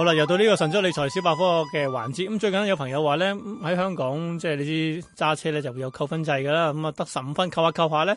好啦，又到呢個神州理財小百科嘅環節。咁最近有朋友話咧，喺香港即係你知揸車咧就會有扣分制嘅啦。咁啊得十五分扣下扣下咧，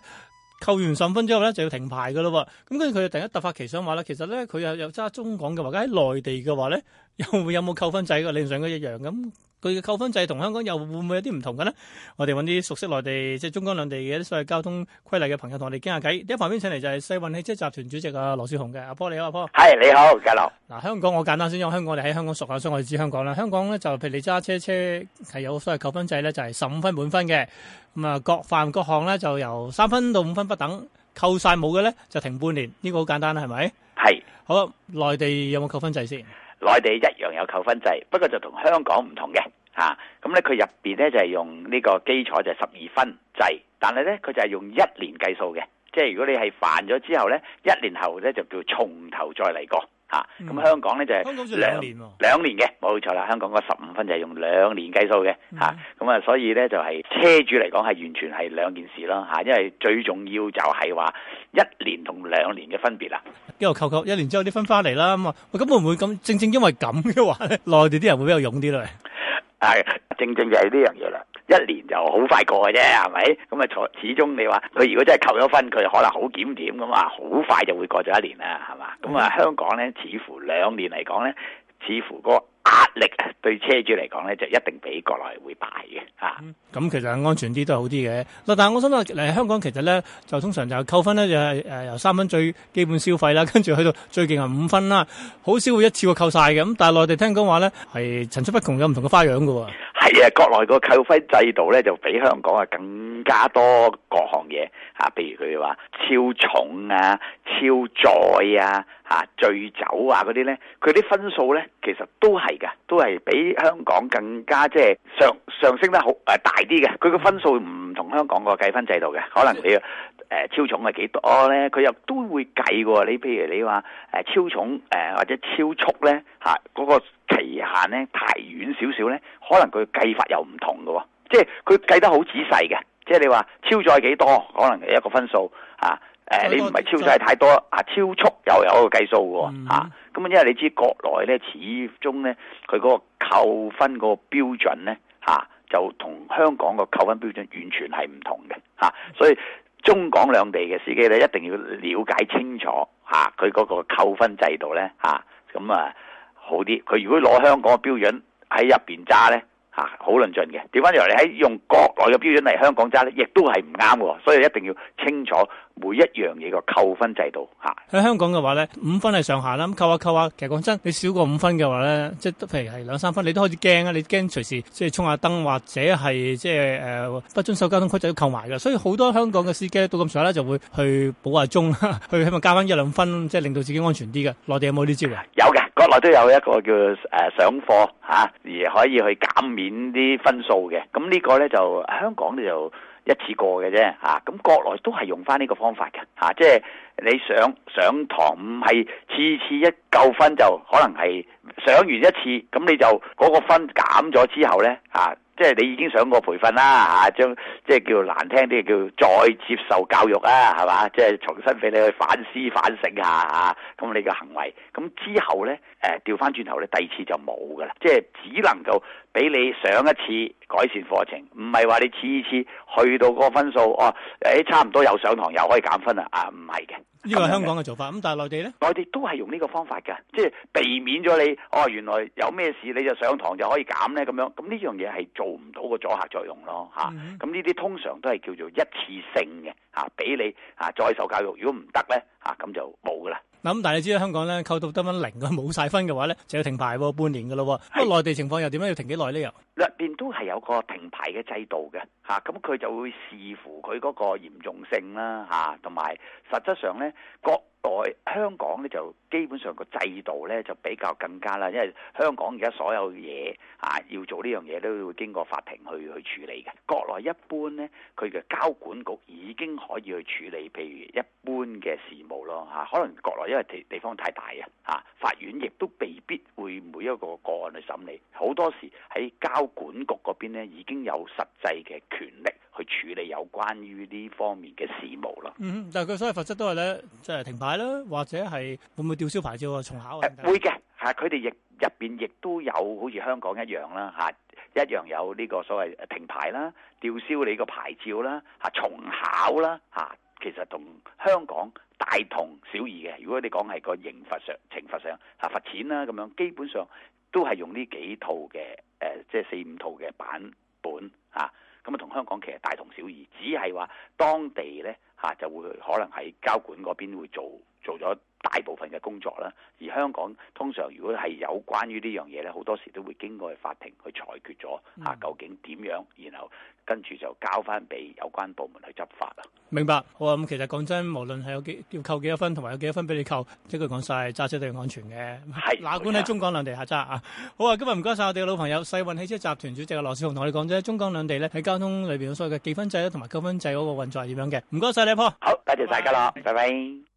扣完十五分之後咧就要停牌嘅咯。咁跟住佢就突然間突發奇想話咧，其實咧佢又有揸中港嘅話，喺內地嘅話咧，又會有冇扣分制嘅？理論上一樣咁？佢嘅扣分制同香港又會唔會有啲唔同嘅呢？我哋揾啲熟悉內地即係中港兩地嘅啲所謂交通規例嘅朋友同我哋傾下偈。喺旁邊請嚟就係世運汽車集團主席啊，羅少雄嘅阿波，你好，阿波。係，你好，嘉樂。嗱、啊、香港我簡單先講，香港我哋喺香港熟下，所以我哋知香港啦。香港咧就譬如你揸車車係有所謂扣分制咧，就係十五分滿分嘅咁啊，各範各項咧就由三分到五分不等，扣曬冇嘅咧就停半年。呢個好簡單啦，係咪？係。好，內地有冇扣分制先？內地一樣有扣分制，不過就同香港唔同嘅嚇。咁咧佢入邊咧就係、是、用呢個基礎就係十二分制，但係咧佢就係用一年計數嘅。即係如果你係犯咗之後咧，一年後咧就叫從頭再嚟過。啊！咁、嗯、香港咧就係兩年，兩年嘅冇錯啦。香港個十五分就係用兩年計數嘅。吓、嗯，咁啊、嗯，所以咧就係車主嚟講係完全係兩件事咯。吓、啊，因為最重要就係話一年同兩年嘅分別啦。以後扣扣一年之後啲分翻嚟啦。咁啊，喂，根本唔會咁，正正因為咁嘅話，內地啲人會比較勇啲咧。係，正正就係呢樣嘢啦。一年就好快過嘅啫，係咪？咁啊，始終你話佢如果真係扣咗分，佢可能好檢點咁啊，好快就會過咗一年啦，係嘛？咁啊，香港咧，似乎兩年嚟講咧，似乎個壓力對車主嚟講咧，就一定比國內會大嘅吓。咁、嗯嗯、其實係安全啲都係好啲嘅。嗱，但係我想話嚟香港，其實咧就通常就係扣分咧，就係誒由三分最基本消費啦，跟住去到最近係五分啦，好少會一次過扣晒嘅。咁但係內地聽講話咧，係層出不窮有唔同嘅花樣嘅喎。係啊，國內個扣分制度咧就比香港啊更加多各項嘢嚇，譬、啊、如佢話，超重啊、超載啊、嚇、啊、醉酒啊嗰啲咧，佢啲分數咧其實都係噶，都係比香港更加即係、就是、上上升得好誒、呃、大啲嘅。佢個分數唔同香港個計分制度嘅，可能你誒、呃、超重係幾多咧？佢又都會計嘅喎。你譬如你話誒、呃、超重誒、呃、或者超速咧嚇嗰個。限咧提遠少少咧，可能佢計法又唔同嘅，即係佢計得好仔細嘅，即係你話超載幾多，可能一個分數啊，誒，你唔係超載太多啊，超速又有一個計數嘅，吓、啊，咁因為你知國內咧始終咧，佢嗰個扣分嗰個標準咧，吓、啊、就同香港個扣分標準完全係唔同嘅，吓、啊，所以中港兩地嘅司機咧一定要了解清楚，吓佢嗰個扣分制度咧，吓，咁啊。好啲，佢如果攞香港嘅標準喺入邊揸咧，嚇好論盡嘅。點解？翻轉你喺用國內嘅標準嚟香港揸咧，亦都係唔啱嘅。所以一定要清楚每一樣嘢個扣分制度嚇。喺、啊、香港嘅話咧，五分係上下啦。咁扣下、扣下、啊啊，其實講真，你少過五分嘅話咧，即係譬如係兩三分，你都開始驚啦。你驚隨時即係衝下燈，或者係即係誒、呃、不遵守交通規則都扣埋嘅。所以好多香港嘅司機到咁上下咧就會去補下鐘，去希望加翻一兩分，即係令到自己安全啲嘅。內地有冇呢招啊？有嘅。國內都有一個叫誒、呃、上課嚇、啊，而可以去減免啲分數嘅。咁、啊、呢、這個呢，就香港咧就一次過嘅啫嚇。咁、啊、國內都係用翻呢個方法嘅嚇，即、啊、係、就是、你上上堂唔係次次一夠分，就可能係上完一次，咁你就嗰、那個分減咗之後呢。嚇、啊。即係你已經上過培訓啦，嚇，將即係叫難聽啲叫再接受教育啊，係嘛？即係重新俾你去反思反省下嚇，咁你嘅行為，咁之後呢，誒調翻轉頭咧，第二次就冇噶啦，即係只能夠俾你上一次改善課程，唔係話你次次去到嗰個分數哦，誒、啊哎、差唔多又上堂又可以減分啊，啊唔係嘅。呢個係香港嘅做法咁，嗯、但係內地咧，內地都係用呢個方法㗎，即係避免咗你哦，原來有咩事你就上堂就可以減咧咁樣，咁呢樣嘢係做唔到個阻嚇作用咯嚇。咁呢啲通常都係叫做一次性嘅嚇，俾、啊、你啊再受教育，如果唔得咧。啊，咁就冇噶啦。嗱，咁但係你知道香港咧扣到得蚊零嘅，冇晒分嘅話咧，就要停牌半年噶咯。不過內地情況又點樣？要停幾耐呢？又入邊都係有個停牌嘅制度嘅，吓、啊，咁佢就會視乎佢嗰個嚴重性啦，吓、啊，同埋實質上咧各。香港咧就基本上個制度咧就比較更加啦，因為香港而家所有嘢嚇要做呢樣嘢都會經過法庭去去處理嘅。國內一般呢，佢嘅交管局已經可以去處理，譬如一般嘅事務咯吓，可能國內因為地地方太大啊，吓，法院亦都未必，必會每一個個案去審理，好多時喺交管局嗰邊呢已經有實際嘅權力。處理有關於呢方面嘅事務咯。嗯，但係佢所謂罰則都係咧，即係停牌啦，或者係會唔會吊銷牌照啊、重考啊？誒，會嘅。係佢哋亦入邊亦都有好似香港一樣啦，嚇一樣有呢個所謂停牌啦、吊銷你個牌照啦、嚇重考啦嚇。其實同香港大同小異嘅。如果你講係個刑罰上、懲罰上嚇罰錢啦咁樣，基本上都係用呢幾套嘅誒，即係四五套嘅版本。咁啊，同香港其實大同小異，只係話當地咧吓就會可能喺交管嗰邊會做做咗。大部分嘅工作啦，而香港通常如果係有關於呢樣嘢咧，好多時都會經過法庭去裁決咗嚇、啊，嗯、究竟點樣，然後跟住就交翻俾有關部門去執法啦。明白，好啊咁，其實講真，無論係有幾要扣幾多分，同埋有幾多分俾你扣，即係佢講晒揸車都要安全嘅。係是，哪管喺中港兩地下揸啊！是嗯、好啊，今日唔該晒我哋嘅老朋友世運汽車集團主席羅少雄同我哋講咗喺中港兩地咧喺交通裏邊所有嘅記分制咧同埋扣分制嗰個運作係點樣嘅？唔該晒你阿婆。好，多謝晒大家啦，拜拜。